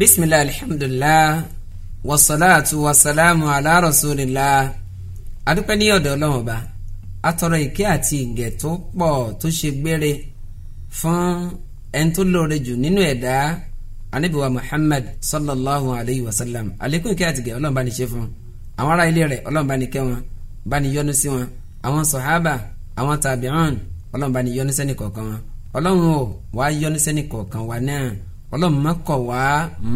bisimilahi alihamdulilah wasalaatu wasalaamu ala rasulillah adúpẹ́ ní ọ̀dọ̀ ọlọ́run ọba atọrọ ìkẹ́ àti ìgẹ̀ tó pọ̀ tó ṣe gbére fún ẹni tó lóore jù nínú ẹ̀dá anabiwa muhammad sallallahu alayhi wa sallam àlékún ìkẹ́ àti ìgẹ̀ ọlọ́run bá ní ṣe fún àwọn ará ilé rẹ̀ ọlọ́run bá ní kẹ́ wọn bá ní yọ́nú sí wọn àwọn sọ̀hábà àwọn tàbíọ́n ọlọ́run bá ní yọ́nú sẹ́ni kọ̀ọ̀kan wọn ọlọ́run ò wá yọ́nú sẹ́ni kọ̀ọ̀kan wa náà ọlọ́run má kọ̀ wá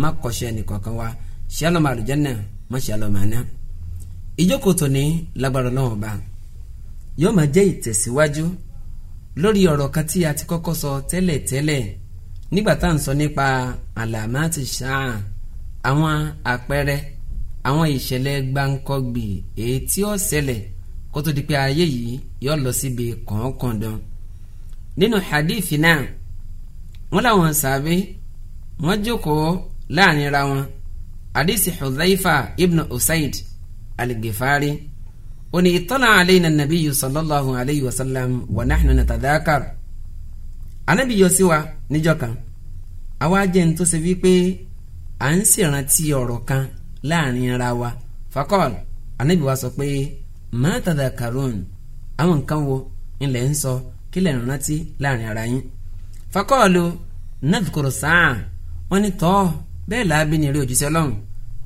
má kọ̀ṣẹ́ nìkankan wá ṣé ọlọ́mọ àlùjànnà má ṣe ọlọ́mọ àná. ìjókòó tòní lágbára ọlọ́run ọba yóò máa jẹ́ ìtẹ̀síwájú lórí ọ̀rọ̀ kan tí a ti kọ́kọ́ sọ tẹ́lẹ̀ tẹ́lẹ̀ nígbà tá à ń sọ nípa àlàmáàtì ṣáà àwọn àpẹẹrẹ àwọn ìṣẹ̀lẹ̀ gbáǹkọ́gbì èyí tí ó ṣẹlẹ̀ kó tó di pé ayé yìí yóò lọ síbi kọ̀ọ̀kọ̀ndàn nínú hadithi náà wọ́n láwọn wọ́n jókòó láàrin ra wọn àdìsí Hudhaifa ibn Usaid al-Ghifari ó ní ittala alayna nabiyyu sallallahu alayhi wa sallam wa nahnu natadhakar anabi yọ sí wa níjọ́ kan àwa jẹ́ ní tó ṣe wípé à ń ṣèrántí ọ̀rọ̀ kan láàrin ara wa fakọ́l anabi wa sọ pé ma tadhakarun àwọn nǹkan wo ńlẹ̀ ń sọ kí ń rántí láàrin ara yín fakọ́ọ̀lù nadhkuru sáà wọ́n ní tọ́ bẹ́ẹ̀ láabi ní eré òjíṣẹ́ ọlọ́run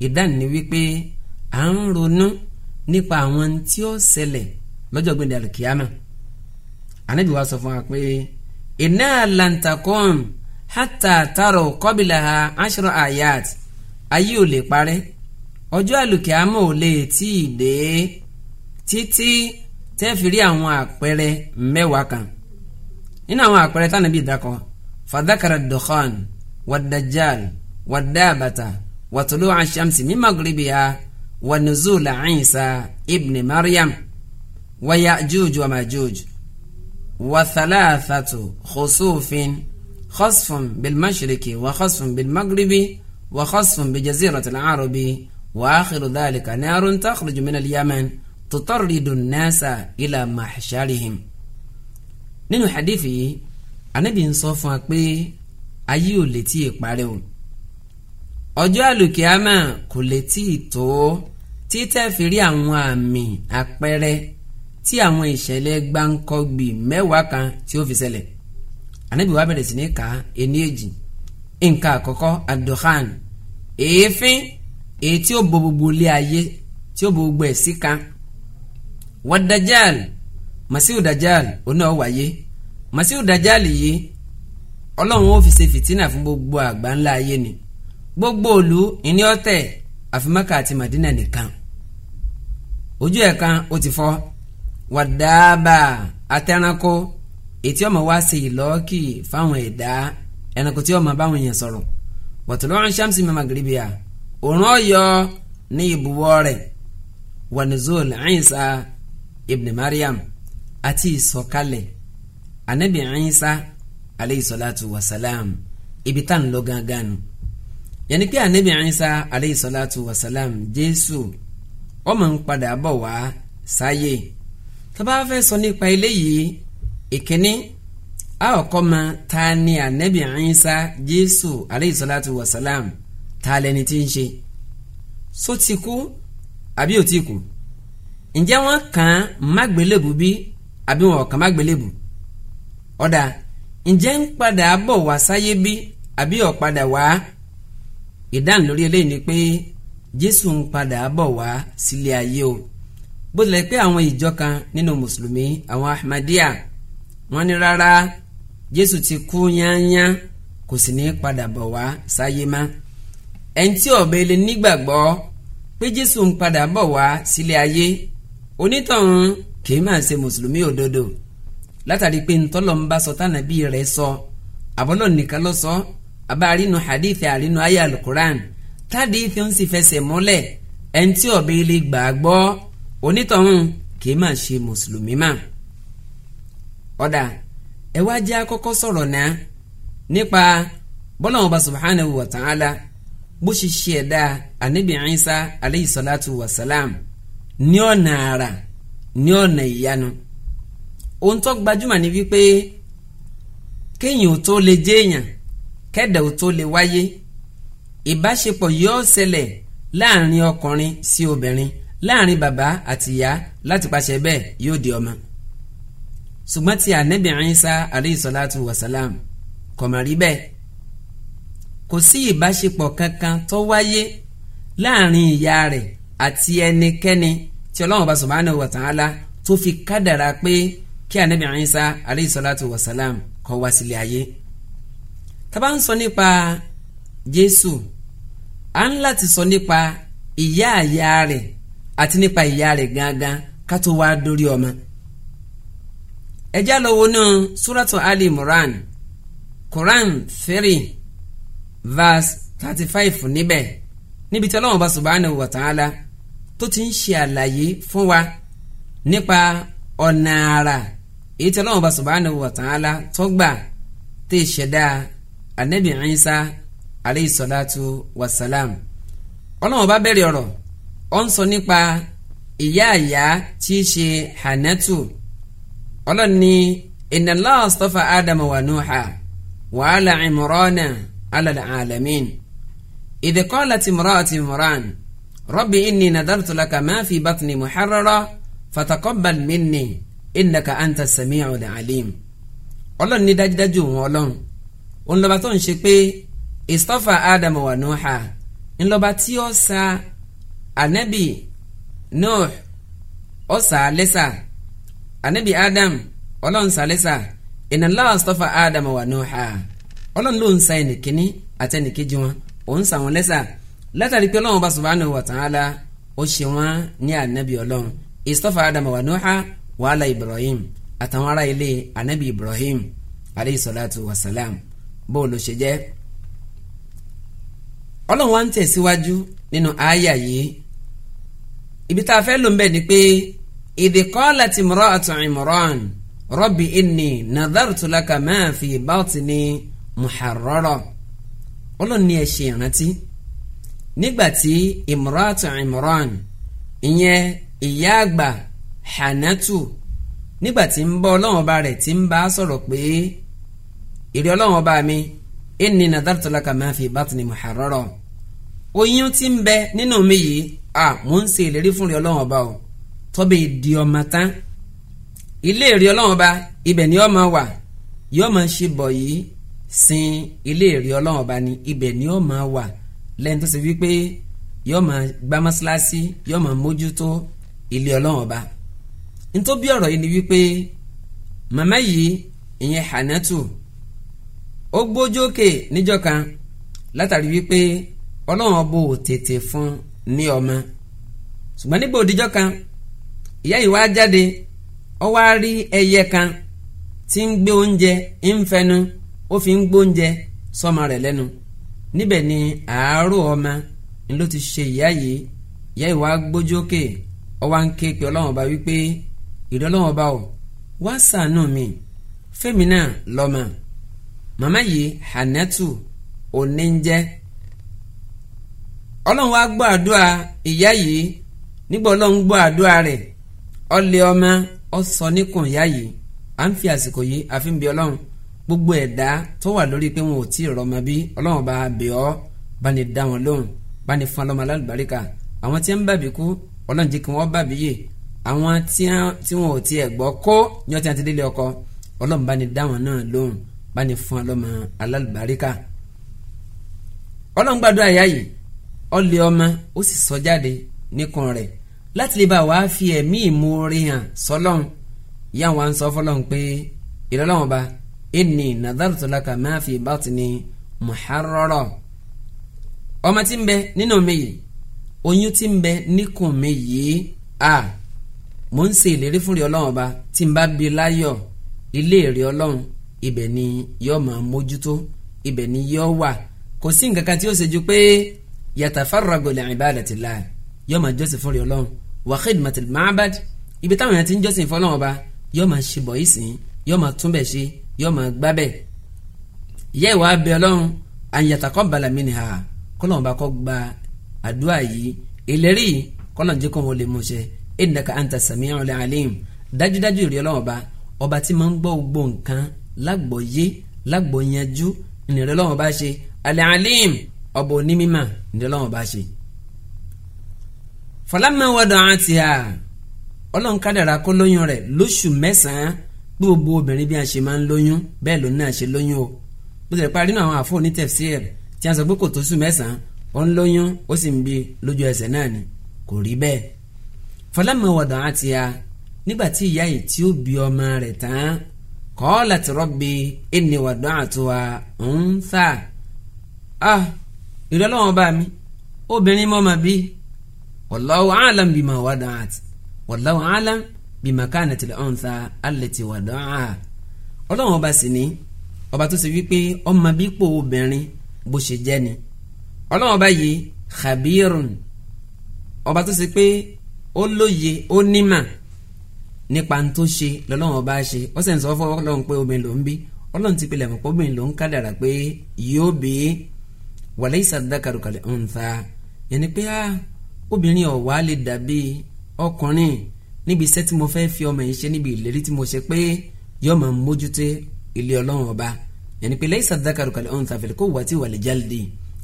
ìdáni wípé à ń ronú nípa àwọn tí ó ṣẹlẹ̀ lọ́jọ́ gbẹ̀dẹ̀ àlùkìyàmà ànábì wa sọ fún wa pé iná lantakun hata taro kọbìlà ha aṣọ ayat ayé ò lè parẹ́ ọjọ́ àlùkìyàmà ò lè tí ì dé títí tẹ́ẹ̀fì rí àwọn àpẹẹrẹ mẹ́wàá kan nínú àwọn àpẹẹrẹ tánàbí ìdákọ̀ fàdákàrà dọ̀kọ́ọ̀nù والدجال والدابة وطلوع الشمس من مغربها ونزول عيسى ابن مريم ويأجوج وماجوج وثلاثة خصوف خصف بالمشرق وخصف بالمغرب وخصف بجزيرة العرب وآخر ذلك نار تخرج من اليمن تطرد الناس إلى محشرهم nínú حديثي أنا ń sọ ayé ò lè tí ì parí o ọjọ́ àlùkìyámà kò lè tí ì tó títẹ́ fi rí àwọn àmì àpẹẹrẹ tí àwọn ìṣẹ̀lẹ̀ gbáǹkọ́gbì mẹ́wàá kan tí ó fi ṣẹlẹ̀ ànábì wa bẹ̀rẹ̀ sí ní ka ẹni èjì nǹkan àkọ́kọ́ adọ́hán èéfín èyí tí ó bo gbogbo ilé ayé tí ó bo gbogbo ẹ̀ síka wọ́n dajàl màsíù dajàl oní ọ̀wáyé màsíù dajàl yìí ọlọ́run ó fi ṣe fìtínà fún gbogbo àgbà ńlá ayé ni gbogbo òlu ìní ọ̀tẹ̀ àfi Mẹ́kà àti Màdínà nìkan ojú ẹ̀ kan ó ti fọ́ wàdáàbà àtẹranko ètí ọmọ wa ṣe ìlọ́ọ̀kì fáwọn ẹ̀dá ẹranko tí ọmọ báwọn èèyàn sọ̀rọ̀ wọ̀tọ̀lọ́run ṣàmùsí mẹ́mà gíríbíà òun ọ̀yọ́ ní ibùwọ̀ rẹ̀ wanizol Isa ibn Mariam àti ìsọ̀kalẹ̀ anabi Isa aleyhi salatu wa salam ibi tá à ń lọ gangan nu yẹni pé anabi Isa aleyhi salatu wa salam jésù ó máa ń padà bọ̀ wá sáyé tá bá fẹ́ sọ nípa eléyìí ìkíní a ò ma ta ni anabi Isa jésù aleyhi salatu wa salam ta lẹni tí ń ṣe so ti kú àbí ò ti kú ǹjẹ́ wọ́n kàn án mágbélébù bí àbí wọn ò kàn mágbélébù ọ̀dà ǹjẹ́ ń padà bọ̀ wá sáyé bí àbí ó padà wá ìdáhùn lórí eléyìí ni pé jésù ń padà bọ̀ wá sílé ayé o bó tilẹ̀ pé àwọn ìjọ kan nínú mùsùlùmí àwọn ahmadiyya wọ́n ní rárá jésù ti kú yányá kò sì ní padà bọ̀ wá sáyé má ẹni tí ó lè nígbàgbọ́ pé jésù ń padà bọ̀ wá sílé ayé onítọ̀hún kì í máa ṣe mùsùlùmí òdodo. látàrí pé ntọ́lọ̀ ń bá sọ tánàbí rẹ̀ sọ àbọ̀lọ̀ nìkan lọ sọ àbá àrínú hadith àrínú ayé alukuran táàdì ìfẹ́ ń sì fẹsẹ̀ múlẹ̀ ẹni tí ọ̀bẹ ilé gbà á gbọ́ onítọ̀hún kì í máa ṣe mùsùlùmí mà. ọ̀dà ẹ wá jẹ́ akọ́kọ́ sọ̀rọ̀ náà nípa bọ́lá wọn wa ta'ala bó ṣe ṣe ohun tó gbajúmọ̀ ni wípé kéèyàn ò tó lè jéèyàn kẹ́dà ò tó lè wáyé ìbáṣepọ̀ yóò ṣẹlẹ̀ láàrin ọkùnrin sí obìnrin láàrin bàbá àti ìyá láti pàṣẹ bẹ́ẹ̀ yóò di ọmọ ṣùgbọ́n tí ànábì Ìsá alayhi salatu wasalam kò mà rí bẹ́ẹ̀ kò sí ìbáṣepọ̀ kankan tó wáyé láàrin ìyá rẹ̀ àti ẹnikẹ́ni tí Ọlọ́run bá subhanahu wa ta'ala tó fi kádàrá pé kí anabi Isa aleyhi salatu wa salam kó wá sílẹ̀ ayé tábà ń sọ nípa Jésù à ń láti sọ nípa ìyá àyà rẹ̀ àti nípa ìyá rẹ̀ gangan ká tó wá dórí ọmọ ẹ já lọ wọnú suratu ali imran quran three verse thirty five níbẹ̀ níbi tí ọlọ́run bá subhanahu wa ta'ala tó ti ń ṣe àlàyé fún wa nípa ọ̀nà àrà èyí tí ọlọ́run bá subhanahu wa ta'ala tọ́gbà tẹ́ ṣẹ̀dá anabi Isa aleyhi salatu wa salam ọlọ́run bá bẹ̀rẹ̀ ọ̀rọ̀ ó ń sọ nípa ìyá àyá tí í ṣe Hanatu ọlọ́run ní inna Allah astafa Adama wa Nuha wa ala Imrana ala alamin idh qalat imra'atu Imran rabbi inni nadartu laka ma fi batni muharrara innaka anta sami'ul alim ọlọ́run ní dájúdájú òun ọlọ́run òun lọ́ba tó ń ṣe pé istafa adam wa nuha ńlọ́ba tí ó sa anabi nuh ó sa lẹ́sà anabi adam ọlọ́run sa lẹ́sà inna Allah istafa adam wa nuha ọlọ́run ló ń sa ẹnìkíní àti ẹnìkejì wọn òun sa wọn lẹ́sà látàrí pé ọlọ́run bá subhanahu wa ta'ala ó ṣe wọn ní anabi ọlọ́run istafa adam wa nuha wàhálà ibrahim àtàwọn ará ilé anabi ibrahim aleyhi salatu wa salam bó ló ṣe jẹ́ ọlọ́run wa ń tẹ̀síwájú nínú àáyà yìí ibi tá a fẹ́ lò ń bẹ̀ ni pé idh qalat imra'atu imran rabbi inni nadhartu laka ma fi batni muharrara ọlọ́run ní ẹ ṣe ìrántí nígbà tí imra'atu imran ìyẹn ìyá àgbà hanatu nígbà tí ń bọ́ ọlọ́run ọba rẹ̀ tí ń bá sọ̀rọ̀ pé èrè ọlọ́run ọba mi inni nadartu laka ma fi batni muharrara oyún tí ń bẹ nínú mi yìí à mò ń ṣe ìlérí fún rẹ̀ ọlọ́run ọba o tọ́bẹ̀ di ọmọ tán ilé èrè ọlọ́run ọba ibẹ̀ ni ọmọ wà yóò máa ṣe bọ̀ yìí sin ilé èrè ọlọ́run ọba ni ibẹ̀ ni ọmọ wà lẹ́yìn tó ṣe wípé yóò máa gbá mọ́ṣáláṣí yóò máa mójútó ilé ọlọ́run ọba ntọ́bí ọ̀rọ̀ yìí ni wípé màmá yìí ìyẹn Hànátù ó gbójókè níjọ́ kan látàrí wípé ọlọ́run ọbọ ò tètè fún ní ọmọ ṣùgbọ́n nígbà òdìjọ́ kan ìyá yìí wá jáde ó wá rí ẹyẹ kan tí ń gbé oúnjẹ ń ó fi ń gbóúnjẹ sọmọ rẹ̀ lẹ́nu níbẹ̀ ni àárò ọmọ ni ló ti ṣe ìyá yìí ìyá yìí wá gbójókè ó wá ń ké pe ọlọ́run ọba wípé ìrọlọ́wọ́ bá o wá ṣàánú mi fẹ́mi náà lọ́mọ màmá yìí Hannatu oníjẹ́ ọlọ́run wá gbọ́ àdúrà ìyá yìí nígbà ọlọ́run gbọ́ àdúrà rẹ̀ ọlẹ́ ọmọ ọsọ níkùn ìyá yìí à ń fi àsìkò yìí àfi ń bi ọlọ́run gbogbo ẹ̀dá tó wà lórí pé wọn ò tí ì rọmọ bí ọlọ́run bá bẹ̀ ọ́ bá ní dá wọn lóhùn bá ní fún ọlọ́mọ alálùbáríkà àwọn tí ń bàbí kú ọlọ́run jẹ́ kí wọ́n bàbí yè àwọn tí wọn ò tiẹ̀ gbọ́ kó ní ọtí àti délé ọkọ ọlọ́run bá ní dáwọn náà lóhùn bá ní fún ọlọ́mọ alálùbáríkà ọlọ́run gbàdúrà ìyá yìí ọlẹ́ ọmọ ó sì sọ jáde níkùn rẹ̀ láti lè bá wàá fi ẹ̀mí ìmoore hàn sọlọ́run ìyá wa ń sọ fọlọ́run pé ìrọ̀lọ́run ọba inni nadartu laka ma fi batni muharrara ọmọ tí ń bẹ nínú mi yìí oyún tí ń bẹ níkùn mi yìí a. Ah mò ń ṣe ìlérí fún rí ọlọ́run ọba tí n bá bí láyọ̀ ilé rí ọlọ́run ibẹ̀ ni yọ́ máa mójútó ibẹ̀ ni yọ́ wà kò sí nǹkan kan tí ó ṣe ju pé yatafarragu li ibadatillah yọ́ máa jọ́sìn fún rí ọlọ́run wa khidmatil ma'bad ibi táwọn yẹn ti ń jọ́sìn fọlọ́run ọba yọ́ máa ṣe bọ̀ ìsìn yọ́ máa túnbẹ̀ ṣe yọ́ máa gbábẹ̀ ìyá ìwà abẹ ọlọ́run an yataqabbala minha kọ́lọ́run ọba kó gba innaka anta sami'ul alim dájúdájú ìrì ọlọ́wọ́n ba ọba tí máa ń gbọ́ gbogbo nǹkan lágbọ̀ọ́yé lágbọ̀ọ́yanjú ìrì ọlọ́wọ́n bá ṣe al-alim ọba onímímà ìrì ọlọ́wọ́n bá ṣe. falamma wada'atiha ọlọ́run kádàrá kó lóyún rẹ̀ lóṣù mẹ́sàn-án bí gbogbo obìnrin bí a ṣe máa ń lóyún bẹ́ẹ̀ lòun náà ṣe lóyún o bó ti rẹ̀ parí nínú àwọn àfọ̀ onítẹ̀fsíìr tí a sọ pé kò tó sùn mẹ́sàn-án ó ń lóyún ó sì ń bi lójú ẹsẹ̀ náà ni kò rí bẹ́ẹ̀ falamma wada'atiha nígbà tí ìyá yìí tí ó bí ọmọ rẹ̀ tán qalat rabbi inni wada'tuha untha ah ìrẹ́lọ́wọ́n bá mi obìnrin mọ́ ma bí wallahu a'lam bima wada'at wallahu a'lam bima kanatil untha allati wada'aha ọlọ́wọ́n ọba sì ní ọba tó ṣe wípé ọmọ bípò obìnrin bó ṣe jẹ́ ni ọlọ́wọ́n ọba yìí khabirun ọba tó ṣe pé ó lóye ó nímà nípa ń tó ṣe lọ́lọ́run bá ṣe ó sì ń sọ fún ọlọ́run pé obìnrin ló ń bí ọlọ́run ti pilẹ̀ mọ̀ pé obìnrin ló ń kádàrà pé yóò bí wàlẹ́ ìsàdákàrò kàlẹ́ ń ta yẹn ni pé á ah, obìnrin ọ̀wá lè dàbí ọkùnrin níbi iṣẹ́ tí mo fẹ́ fi ọmọ yìí ṣe níbi ìlérí tí mo ṣe pé yóò máa mójútó ilé ọlọ́run ọba yẹn ni pé lẹ́yìn ìsàdákàrò ń ta fẹ̀lẹ́ kó wà tí wàlẹ́ jáde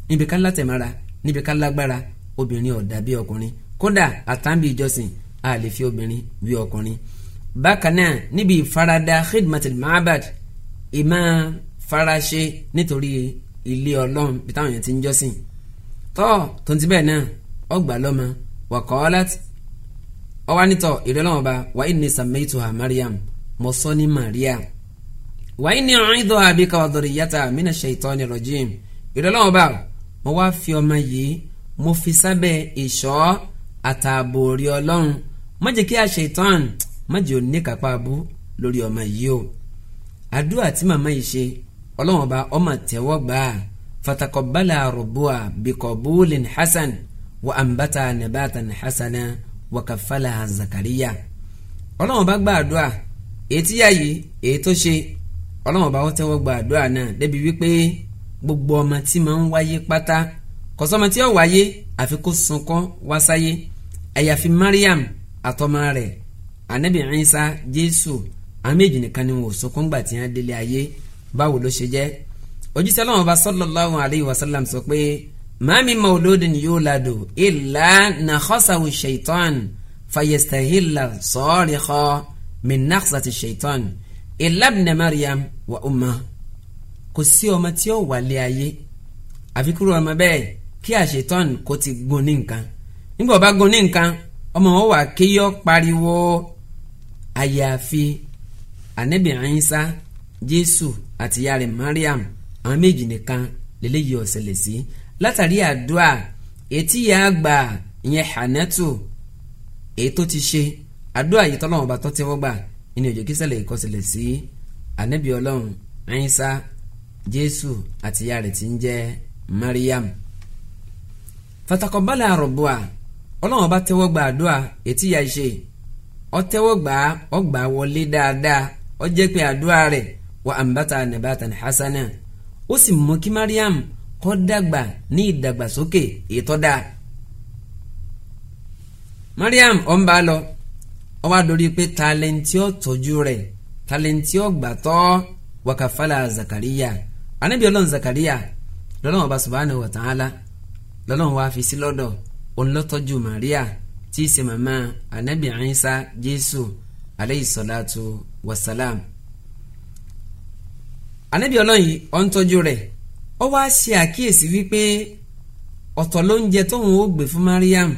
níbi ká látẹ̀mára níbi ká lágbára obìnrin ò dàbí ọkùnrin kódà àtàǹbì ìjọsìn a lè fi obìnrin wí ọkùnrin bákan náà níbi ìfaradà khidmatul ma'bad ìmọ̀ faraṣe nítorí ilé ọlọ́run bí táwọn yẹn ti ń jọ́sìn tọ́ tontì bẹ́ẹ̀ náà ọgbà lọ́mọ wàkọ́ọ́lát ọwá nítọ̀ ìrẹ́lọ́wọ́n ba wà á sàmẹ́tò ha mariam mọ̀ sọ́ ní maria wà á ní ọ̀rìndọ̀ àbí kàwádọ́rì yàtà mina ṣètọ́ ní rọ̀jìm ìrẹ́lọ́wọ́n ba mo wá fi ọmọ yìí mo fi sábẹ́ ìṣọ́ àtààbò orí ọlọ́run má jẹ́ kí àṣetán má jẹ́ oníkápá abú lórí ọmọ yìí o àdúrà tí màmá yìí ṣe ọlọ́run ọba ọmọ tẹ́wọ́ gbà á fatakọ̀bálà rọ̀bùà bìkọ̀bùlìn hasan wa àǹbàtà nàbàtàn hasana wa kàfàlà zakariya ọlọ́run ọba gbà àdúrà ètí yá yìí èyí tó ṣe ọlọ́run ọba tẹ́wọ́ gbà àdúrà náà débi wípé gbogbo ọmọ tí máa ń wáyé pátá kọ̀sọ́mọ tí ó wáyé àfi sunkún wá ẹ̀yàfi Mariam àtọmọ rẹ̀ anabi Isa Jésù àwọn méjì nìkan ni wọn ò sọkún gbà tí wọn délé ayé báwo ló ṣe jẹ́ ojúṣe aláwọn ọba sallallahu alayhi wa sallam sọ pé màmí mauludin yuladu illa nakhasahu shaitan fayestahila sarikha min shaitan illa ibn Mariam wa umma kò sí ọmọ tí ó wà lé ayé àfikúrò ọmọ bẹ́ẹ̀ kí àṣetán kò ti gún nǹkan nígbà ọba gun ní nǹkan ọmọ wọn wà kéyọ́ pariwo àyàfi anabi Isa jésù àti ìyá rẹ̀ mariam àwọn méjì nìkan lélẹ́yìí ọ̀sẹ̀lẹ̀ sí látàrí àdúrà etí ìyá àgbà ìyẹn hànẹ́tù èyí tó ti ṣe àdúrà yìí tọ́lọ́wọ́n bá tọ́ tí wọ́n gbà ìní òjò kísẹ̀lẹ̀ ìkọsẹ̀lẹ̀ sí anabi ọlọ́run Isa jésù àti ìyá rẹ̀ ti ń jẹ́ mariam fatakọ̀bálà àrọ̀bùà ọlọ́run bá tẹ́wọ́ gba àdúrà ètí ìyá ṣe ọ tẹ́wọ́ gbà á ọ gbà á wọlé dáadáa ọ jẹ́ pé àdúrà rẹ̀ wà àǹbàtà nàbàtà hasana ó sì mú kí Mariam kọ́ dàgbà ní ìdàgbàsókè ètọ́dà Mariam ọ̀ ń bá lọ ọ wá dorí pé talenti ọ rẹ̀ talenti ọ wakafala Zakariya anabi ọlọ́run Zakariya lọ́lọ́run ọba subhanahu wa ta'ala lọ́lọ́run wá fi sí lọ́dọ̀ọ́ olótọ́jú Maria tí í ṣe màmá anabi Isa Jésù aleyhi salatu wasalam anabi ọlọ́yin ó ń tọ́jú rẹ̀ ó wá ṣe àkíyèsí wípé ọ̀tọ̀ ló ń jẹ tóun ó gbé fún Mariam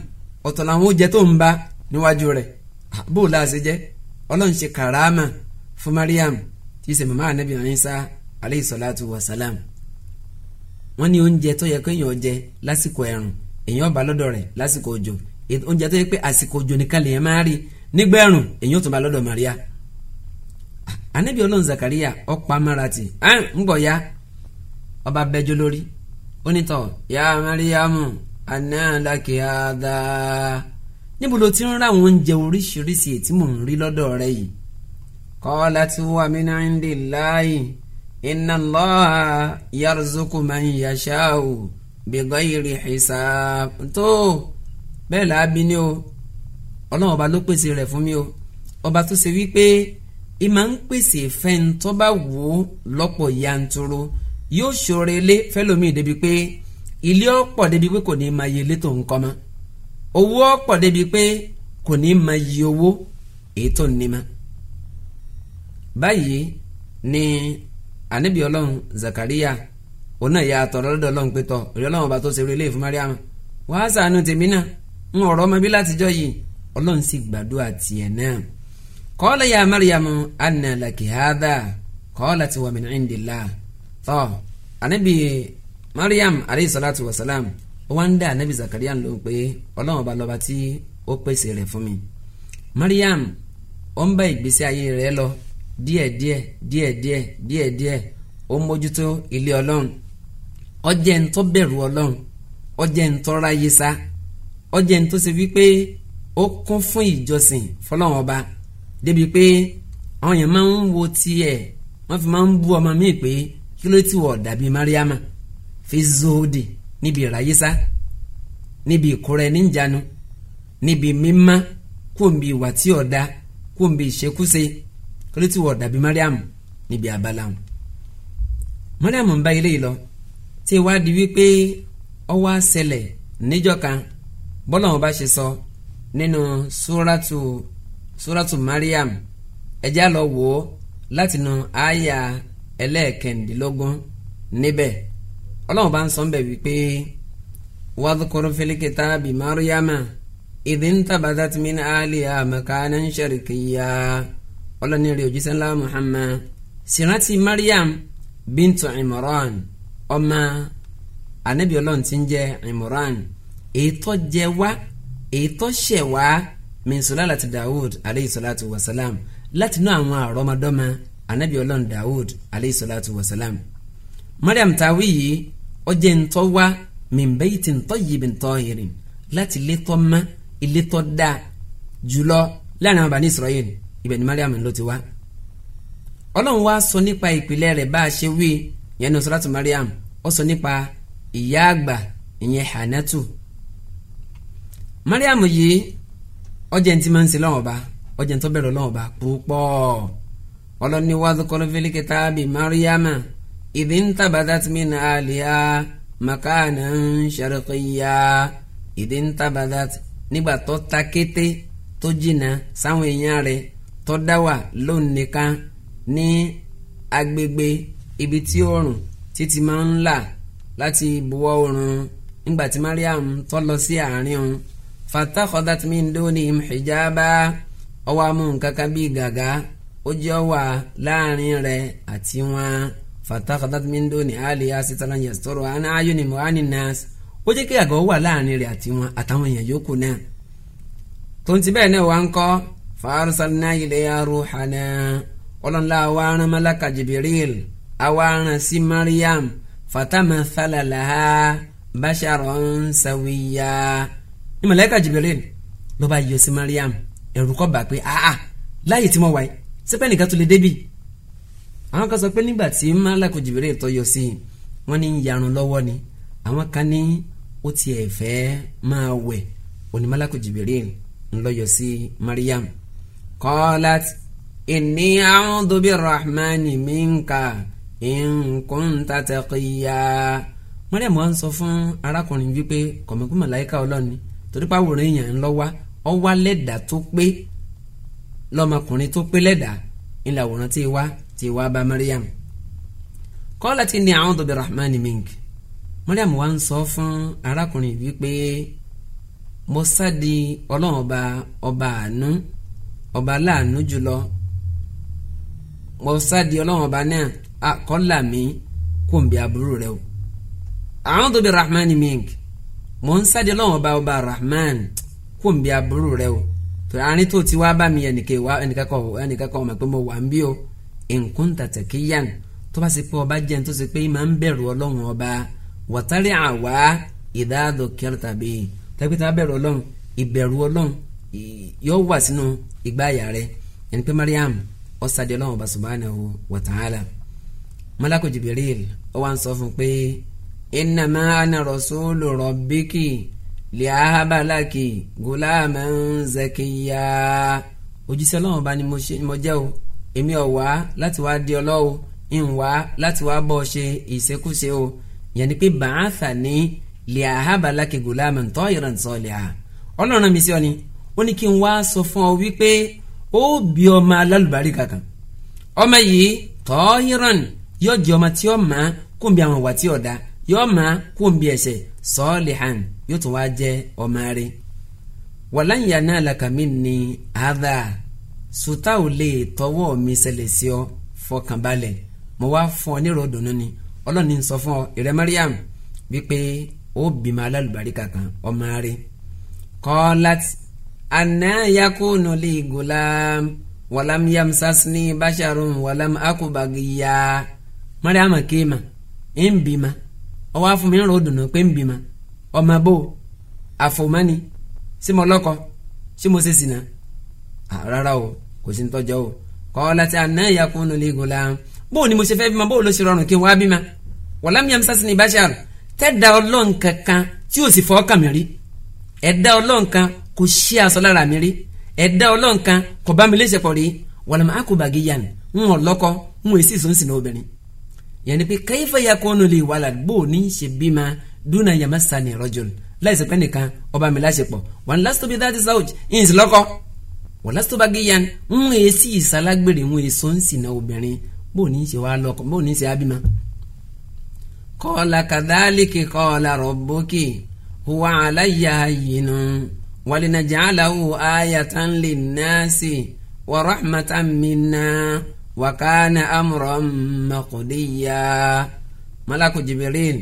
ọ̀tọ̀ làwọn ó jẹ tóun bá níwájú rẹ̀ ah, bó o láṣẹ ọlọ́run ṣe kàràmà fún Mariam tí í ṣe màmá anabi Isa aleyhi salatu wasalam wọ́n ní oúnjẹ tó yẹ kéèyàn jẹ lásìkò ẹ̀rùn èyàn ọba lọdọ rẹ lásìkò òjò oúnjẹ tó yẹ pé àsìkò òjò nìkan lèyàn máa rí nígbà ẹ̀rùn èyàn tó bá lọ́dọ̀ Maria anabi Ọlọ́run Zakaria ọ̀pá marati ẹn ń bọ̀ ya ọba bẹjọ lórí onítọ̀ ya Mariamu aná laki ada níbo ló ti ń ra àwọn oúnjẹ oríṣiríṣi tí mò ń rí lọ́dọ̀ rẹ yìí kọ́lá tí wà mí náà ń dè láàyè iná lọ́ha yarzuku man yashau bìgọ́ iri hisab tó bẹ́ẹ̀ là ni o ọla ọba ló pèsè rẹ̀ fún mi o ọba tó ṣe wípé ìmọ̀ ń pèsè fẹ́ntọ́ bá wò ó lọ́pọ̀ yanturu yóò ṣòro ilé fẹ́lómi débi pé ilé ọ̀pọ̀ débi pé kò ní máa yẹ ilé tó ń kọ́ mọ́ owó ọ̀pọ̀ débi pé kò ní máa yẹ owó èyí tó ní ma. ni òun náà yà àtọ̀rọ̀ lọ́dọ̀ ọlọ́run pé tọ̀ òrì ọlọ́run bá tó ṣe relé fún mariam wàá sànù tèmi náà ń ọ̀rọ̀ ọmọ bí látijọ́ yìí ọlọ́run sì gbàdúrà tiẹ̀ náà kọ́lá ya mariam anna laki kọ́lá ti wà min indillah tọ́ anabi mariam aleyhi salatu wa salam wọ́n dá anabi zakariya ló pé ọlọ́run bá lọ́ba tí ó pèsè rẹ̀ fún mi mariam ó ń bá ìgbésí ayé rẹ̀ lọ díẹ̀díẹ̀ díẹ̀díẹ̀ díẹ̀díẹ̀ ó mójútó ilé ọlọ́run ọjẹ́ ntọ́ bẹ̀rù ọlọ́run ọjẹ́ ntọ́ ráyé sá ọjẹ́ ntọ́ ṣe wípé ó kún fún ìjọsìn fọlọ́run ọba débi pé àwọn yẹn máa ń wo tiẹ̀ wọ́n fi máa ń bú ọmọ míì pé kí ló ti wọ̀ dàbí mariama fi zòòdì níbi ìráyé sá níbi ìkóra níjànú níbi mímá kóńbi ìwà tí ọ̀dà kóńbi ìṣekúṣe kí ló ti wọ̀ dàbí mariam níbi abala wọn. mariam ń bá ilé yìí lọ tí wá di wípé ọwọ́ àṣẹlẹ̀ níjọ́ kan bọ́lá wọn bá ṣe sọ nínú súrátù súrátù Mariam ẹjẹ́ àlọ́ wò ó láti nu àyà ẹlẹ́ẹ̀kẹ́ndínlógún níbẹ̀ ọlọ́run bá ń sọ níbẹ̀ wípé wadhkur fil kitabi Mariama idhin tabadat min ahliha makanan sharqiyya ọlọ́ni rẹ̀ òjíṣẹ́ ńlá Muhammad sì Mariam bintu Imran ọmọ anabi ọlọ́run ti ń jẹ́ Imran ètò jẹ wá ètò ṣẹ̀ wá mẹsùlá Lati Dawud aleyhi salatu wa salam láti inú àwọn àrọ́mọdọ́mọ anabi ọlọ́run Dawud aleyhi salatu wa salam Mariam tawi yìí ọjẹ́ ntọ́ wá mẹ̀mbẹ́yìtì ntọ́ yìí bí ntọ́ yìí rìn láti ilé tọ́ mọ́ ilé da jùlọ láàrin àwọn bani Israel ibẹ̀ ni Mariam ló ti wá ọlọ́run wá sọ nípa ìpìlẹ̀ rẹ̀ bá a ṣe wí yẹn ní suratu mariam ó sọ nípa ìyá àgbà ìyẹn Hànátù mariam yìí ọjà ntí máa ń ṣe lọ́wọ́ ba ọjà ntọ́ bẹ̀rẹ̀ púpọ̀ ọlọ́ni wadhkur fil kitabi Maryama idh intabadat min ahliha makanan sharqiyya idh intabadat nígbà tó ta kété tó jìnnà sáwọn èèyàn rẹ̀ tó dá wà lónìí kan ní agbègbè ibi tí oòrùn títí máa ń là láti ìbúwọ́ oòrùn nígbà tí Mariam tó lọ sí àárín òun fatakhadat min dunihim hijaba ọwọ́ amú nǹkan kan bíi gàgá ó jẹ́ wà láàrin rẹ̀ àti wọn fatakhadat min duni aliya sitaran yasturu ana ayuni muhani nas ó jẹ́ kí àgọ́ wà láàrin rẹ̀ àti wọn àtàwọn èèyàn yòókù náà tó ń ti bẹ́ẹ̀ náà wá ń kọ́ fa arsalna ilayya ruhana ọlọ́nlá wa rán malaka Jibril àwa rán sí Mariam fatamathala laha basharon sawiya ní màláíkà Jibril ló bá yọ sí Mariam ẹ̀rù kọ́ bà pé ah ah láyé tí mo wáyé sẹ́pẹ́ nìkan tó lè débi àwọn kan sọ pé nígbà tí màláíkà Jibril tó yọ sí wọn ní yarun lọ́wọ́ ni àwọn kan ní ó tiẹ̀ fẹ́ máa wẹ̀ òní màláíkà Jibril ńlọyọ sí Mariam qalat inni a'udhu birrahmani minka nkunta taqiya mọ́rẹ́ mọ́ ń sọ fún arákùnrin wípé kọ̀mẹ́kú màláìka ọlọ́ni torí pàwòrán èèyàn ń lọ wá ọ wá lẹ́dà tó pé lọ́mọkùnrin tó pé lẹ́dà ńlá àwòrán tí wá tí wá bá Mariam kọ́lá ti ní a'udhu bi rahmani mink Mariam wá ń sọ fún arákùnrin wípé mo sádi ọlọ́run ọba ọba àánú ọba láàánú jùlọ mo sádi ọlọ́run ọba náà kọ́là mi kò ń bí aburú rẹ o a'udhu bi rahman mink mò ń sáde lọ́wọ́ bá ọba rahman kò ń bí aburú rẹ o tó àárín tó ti wá bá mi ẹnìkẹ́kọ̀ọ́ ọmọ pé mo wà ń bí o in kunta taqiyan tó bá ṣe pé ọba jẹun tó ṣe pé ìmọ̀ ń bẹ̀rù ọlọ́run ọba wàtárí àwa ìdádò kẹrìntà bíi tẹ́pẹ́tà bẹ̀rù ọlọ́run ìbẹ̀rù ọlọ́run yóò wà sínú ìgbáyà rẹ̀ ẹni pé Mariam ó sáde ọlọ́run ọba subhanahu wa ta'ala malako Jibril ó wá ń sọ fún pé innama ana rasulu rabbiki li'ahaba laki gulaman zakiya òjíṣẹ́ Ọlọ́run bá ní mo jẹ́ o èmi ò wá láti wá di ọlọ́wọ́ ń wá láti wá bọ́ ṣe ìṣekúṣe o yẹn ni pé bàáfà ní li'ahaba laki gulaman tayiran saliha Ọlọ́run mi sí ọ ni ó ní kí n wá sọ fún ọ wípé ó bí ọmọ alálùbárí kankan ọmọ yìí tayiran yóò jẹ́ ọmọ tí ó mọ̀ á kó n bí àwọn ìwà tí ó da yóò mọ̀ á kó n bí ẹ̀ṣẹ̀ sọ́ọ̀lìhàn yóò tún wá jẹ́ ọmọ rẹ̀. walan yanalaka minni adha sùtá ò lè tọwọ́ mi ṣẹlẹ̀ sí ọ fọkànbalẹ̀ mo wá fún ọ nírò dùnú ni ọlọ́ni ń sọ fún ọ ìrẹ́ Mariam wípé ó bímọ alálùbáríkà kan ọmọ rẹ̀ qalat anna yakunu li gulam walam yamsasni basharun walam aku bagiya mariama kéema ń bímá ọwọ́ afúnmi ńlọ dùnú pé ń bímá ọmọ bò àfòmánì sí mo lọ́kọ sí mo ṣe o kò sí ntọ́jọ́ o kọ́lá tí àná ìyá kún ni mo ṣe fẹ́ bímọ bó ló ṣe rọrùn kí n wá bímọ wọ́lá mi àmì sásìnì ìbáṣà tẹ́dà ọlọ́run kankan tí ò sì fọ́ ọkàn ẹ̀dá ọlọ́run kan kò ṣí aṣọ lára ẹ̀dá ọlọ́run kan kò bá mi léṣe pọ̀ rí wọ́lá mi àkùbàgì ń wọ̀ lọ́kọ ń wọ̀ èsì ìsúnsìn obìnrin yẹn ni pé kayfa yakunu li walad bó o ní ṣe bímọ dúnà yamassani rajul láìsí pé nìkan ọba mi láṣepọ̀ wọn lásìtò bíi dáàtì sáwùj ìyìnsì lọ́kọ́ wọn lásìtò bá gíyan ń èsì ìsalágbèrè ń èso ń sìnà obìnrin bó o ní ṣe wá lọ́kọ bó o ní ṣe abímọ. qala kadhalika qala rabbuki huwa alayya hayyinun walinaj'alahu ayatan linnasi wa rahmatan minna. wàkánà amúrọ̀ mọ̀kùdíyà malaku jibirin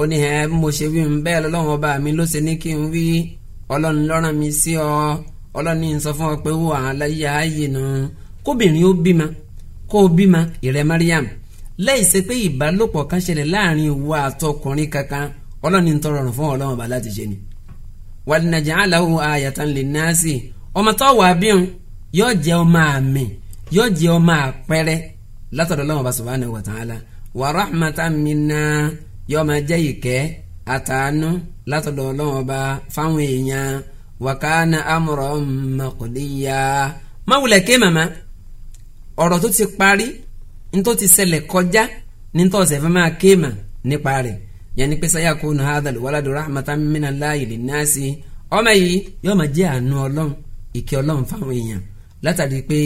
ó ní ẹ mo ṣe wí ọba mi ló ṣe ní kí n wí mi si ọ ọlọ́run ní sọ fún ọ pé wọ́n nu kóbìnrin ó bímọ kó o bímọ ìrẹ mariam lẹ́yìn pé ìbálòpọ̀ kan ṣẹlẹ̀ láàrin ìwọ àtọkùnrin kankan fún ọlọ́run ọba láti ṣe ni wàlìnàjà lè sí ọmọ tó yóò jẹ́ ọmọ àpẹẹrẹ látọ̀dọ̀ Ọlọ́hun Ọba subhanahu wa ta'ala wa rahmatan minna yóò máa jẹ́ ìkẹ́ àtàánú látọ̀dọ̀ Ọlọ́hun Ọba fáwọn èèyàn wa kana amran maqdiya máwùlẹ̀ ké màmá ọ̀rọ̀ tó ti parí ntó ti ṣẹlẹ̀ kọjá ní ntọ́ ọ̀sẹ̀ fẹ́ máa ké mà nípa rẹ̀ yẹn ni pé sayakunu hadhal waladu rahmatan minallahi linnasi ọmọ yìí yóò máa jẹ́ àánú Ọlọ́hun ìkẹ́ Ọlọ́hun fáwọn èèyàn látàrí pé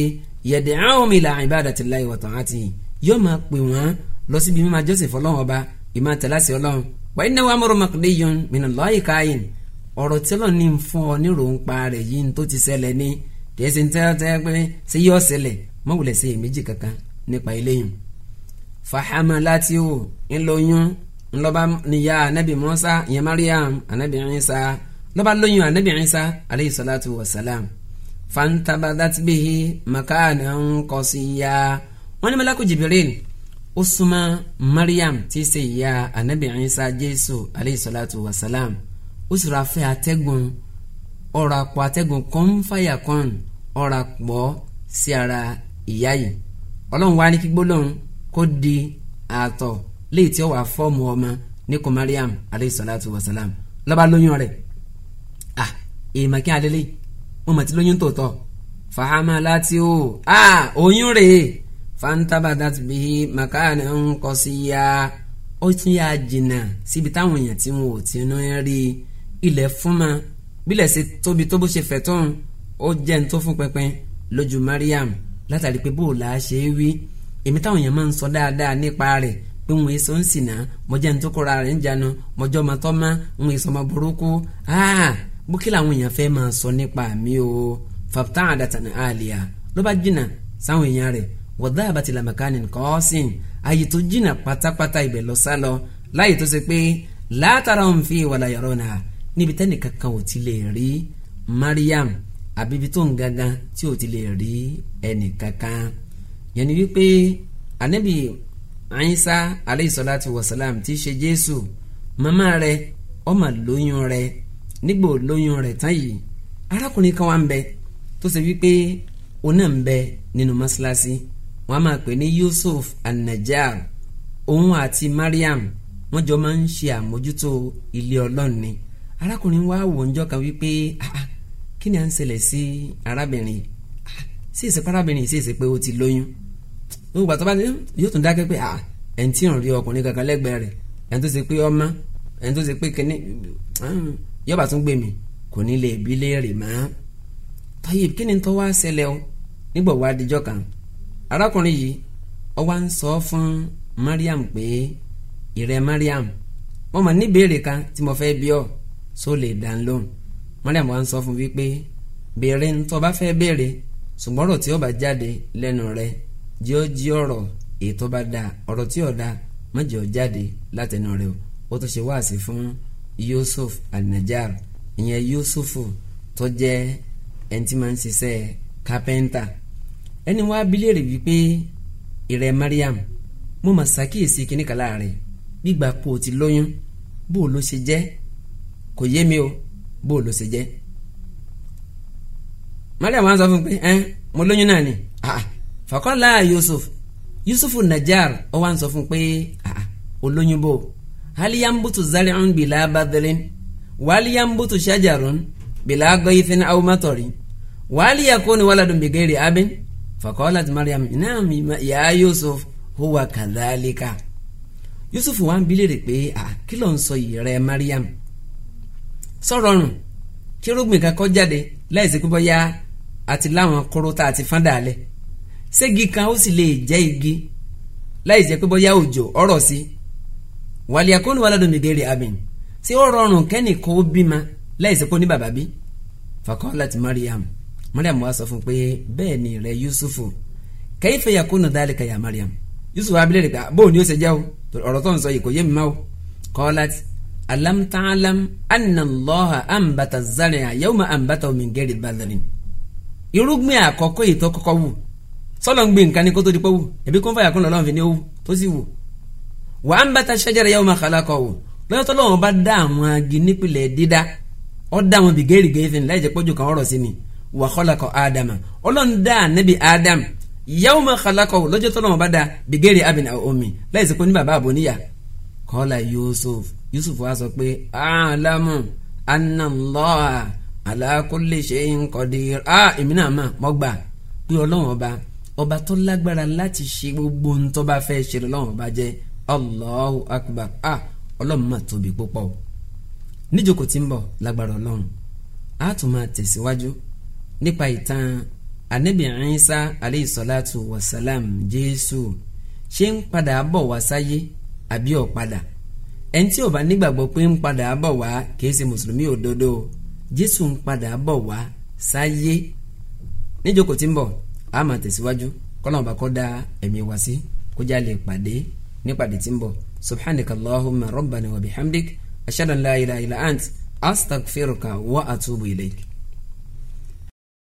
yad'uhum ila ibadatillahi wa ta'atihi yóò máa pè wọ́n lọ síbi mímọ́ jọ́sìn fọlọ́run ọba ìmọ̀ tẹ̀láṣẹ ọlọ́run wa innahu amrun maqdiyyun minallahi kayin ọ̀rọ̀ tẹ́lọ̀ ní ń fún ọ nírò ń pa rẹ̀ yìí tó ti ṣẹlẹ̀ ní kìí ṣe ń tẹ́tẹ́ pé ṣé yóò ṣẹlẹ̀ mọ̀wùlẹ̀ ṣe èméjì kankan nípa eléyìí. fàhámà fantabadat bihi makana qasiya wọ́n ní malaku jibril ó súnmọ́ mariam tí í ṣe ìyá anabi isa jésù aleyhi salatu wa salam ó sì ra fẹ́ atẹ́gùn ọ̀rọ̀ àpò atẹ́gùn kan fàyà kan ọ̀rọ̀ àpò sí ara ìyá yìí ọlọ́run wá ní kí gbólóhùn di àtọ̀ léyìí tí ó wà fọ́ọ̀mù ọmọ níkù mariam aleyhi salatu wa salam ló lóyún rẹ̀ ah èèmọ̀ kí adélé yìí wọ́n mọ̀ tí lóyún tòótọ́ fàhámà láti ó a oyún rèé fantabadat bihi makana qasiya ó tún yà jìnnà síbi táwọn èèyàn tí wọn ò tí ń rí ilẹ̀ fún ma bílẹ̀ ṣe tóbi tó bó ṣe fẹ̀ tóun ó jẹ́ ń tó fún pẹpẹ lójú Mariam látàrí pé bó o là á ṣe é wí èmi táwọn èèyàn máa ń sọ dáadáa nípa rẹ̀ pé wọn èso ń sìnà mọ̀jẹ́ ń tó kóra rẹ̀ ń janu mọ̀jọ́ mọ́tọ́ mọ́ ń èso mọ́ burúkú áà bó kí làwọn èèyàn fẹ́ máa sọ nípa mi o fapta àdàtàn àlìyà ló bá jìnnà sáwọn èèyàn rẹ̀ wọ̀dà àbàtì làmàkánì kọ́ọ̀sìn ààyè tó jìnnà pátápátá ibẹ̀ lọ sá lọ láàyè tó ṣe pé látara òun fi ìwà làyọ̀rọ̀ nà níbi tẹ́nì kankan ò ti lè rí Mariam àbíbi tó ń gangan tí ò ti lè rí ẹnì kankan yẹn ni wípé anabi Isa aleyhisalatu wasalam ti ṣe Jésù màmá rẹ̀ ọmọ lóyún rẹ̀ nígbò lóyún rẹ̀ tán yìí arákùnrin kan wà ń bẹ tó ṣe wípé òun náà ń bẹ nínú mọ́ṣáláṣí wọ́n á máa pè ní Yusuf an-Najjar òun àti Mariam wọ́n jọ máa ń ṣe àmójútó ilé Ọlọ́run ni arákùnrin wa wò ń jọ́ kan wípé kí ni à ń ṣẹlẹ̀ sí arábìnrin sí ìsìnkú arábìnrin sí ìsìnkú pé ó ti lóyún gbogbo àtọ́ bá ní yóò tún dákẹ́ pé ẹ̀ tí ò ń rí ọkùnrin kankan lẹ́gbẹ̀ẹ́ rẹ̀ ẹ̀ tó ṣe pé ọmọ ẹ̀ tó ṣe pé kíní yóò bá tún gbé mi kò ní lè bí léèrè mọ́ Tayyib kí ni tó wá ṣẹlẹ̀ o nígbà wá díjọ́ kan arákùnrin yìí ó wá ń sọ fún Mariam pé ìrẹ Mariam mo mà ní béèrè kan tí mo fẹ́ bí ọ só lè dán lóhùn Mariam wá ń sọ fún wípé béèrè ń tó bá fẹ́ béèrè ṣùgbọ́n ọ̀rọ̀ tí ó bá jáde lẹ́nu rẹ jí ó jí ọ̀rọ̀ èyí bá dáa ọ̀rọ̀ tí ò dáa má ó jáde látẹnu rẹ o ó tún ṣe wáàsí fún yusuf al-najjar ìyẹn yusufu tó jẹ́ ẹni tí máa ń ṣiṣẹ́ kápẹ́ńtà ẹni wá abilérè wípé ìrẹ́ mariam mo mà ṣàkíyèsí kíní kan láàrin gbígbà kó o ti lóyún bó o ló ṣe jẹ́ kò yé mi o bó o ló ṣe jẹ́ mariam wá sọ fún mi pé ẹ mo lóyún náà ni ah, ah. fàkọ́lá yusuf yusufu najjar ó wá ń sọ fún un pé ah, olóyún bò haliyambutu zari'un bila badrin waliyambutu shajarun bila gaythin aw matarin waliyakuni waladun bigayri abin faqalat mariam naam ya yusuf huwa kadhalika yusuf wá ń bi léèrè pé à kí ló ń sọ yìí rẹ mariam sọ̀rọ̀rùn kírúgbìn kan kọ́ jáde láìsí pé bọ́yá àti láwọn kóró tá a ti fán dàálẹ̀ ségi kan ó sì lè jẹ́ igi láìsí pé bọ́yá òjò ọ̀rọ̀ sí wàlíyàkóni wàládùnmígẹ́rì abin ṣé ó rọrùn kẹ́nì kó bímọ láìsí kó ní bàbá bí fakọ́lát mariam mariam wá sọ fún pé bẹ́ẹ̀ ni rẹ yusufu kayfa yakunu dhalika ya mariam yusufu abilẹ̀ rẹ̀ pé ah, bóun ni ó ṣe jẹ́ o ọ̀rọ̀ tó ń sọ yìí kò yé mi má o kọ́lát alam ta'alam anna allaha anbata zari'a yawma anbata min ghairi badrin irúgbìn àkọ́kọ́ yìí kọ́kọ́ wù sọ́lọ́ ń gbé nǹkan ní kó tó wù ẹ̀bí kó ń fàyàkùn lọ́lọ́run fi ní ó wù tó sì wù wa ambata shajara yawma khalaqahu lọ́yọ́ tó lọ́wọ́ bá dá àwọn agi nípìnlẹ̀ dídá ó dá àwọn bìgẹ́rì gẹ́fìn láì jẹ́ pọ́jù kan ọ̀rọ̀ sí ni wa khalaqa ádámà ọlọ́run dá ànábì ádám yawma khalaqahu lọ́jọ́ tó lọ́wọ́ bá dá bìgẹ́rì abin omi láì sẹ́kọ́ ní bàbá àbóníyà kọ́lá yusuf yusuf wa sọ pé alamu anallaha ala kulli shay'in qadir ah èmi náà mà mọ́ gbà pé ọlọ́run ọba ọba tó lágbára láti ṣe gbogbo ntọ́ba fẹ́ ṣe lọ́wọ́ ọba jẹ́ Allahu akbar a ah, ọlọ́run mà tóbi púpọ̀ níjókòó tí ń bọ̀ lágbára ọlọ́run a tún máa tẹ̀síwájú nípa ìtàn anabi Isa aleyhi salatu wa salam jésù ṣé ń padà bọ̀ wá sáyé àbí ọ̀ padà ẹni tí ò bá nígbàgbọ́ pé ń padà bọ̀ wá kìí ṣe mùsùlùmí òdodo jésù ń padà bọ̀ wá sáyé níjókòó tí ń bọ̀ a máa tẹ̀síwájú kọ́nà ọba kọ́ da ẹ̀mí wá sí kó já lè pàdé nípàdé tí ń bọ̀ subhanaka allahumma rabbana wa bihamdik ashhadu an la ilaha illa ant astaghfiruka wa atubu ilayk.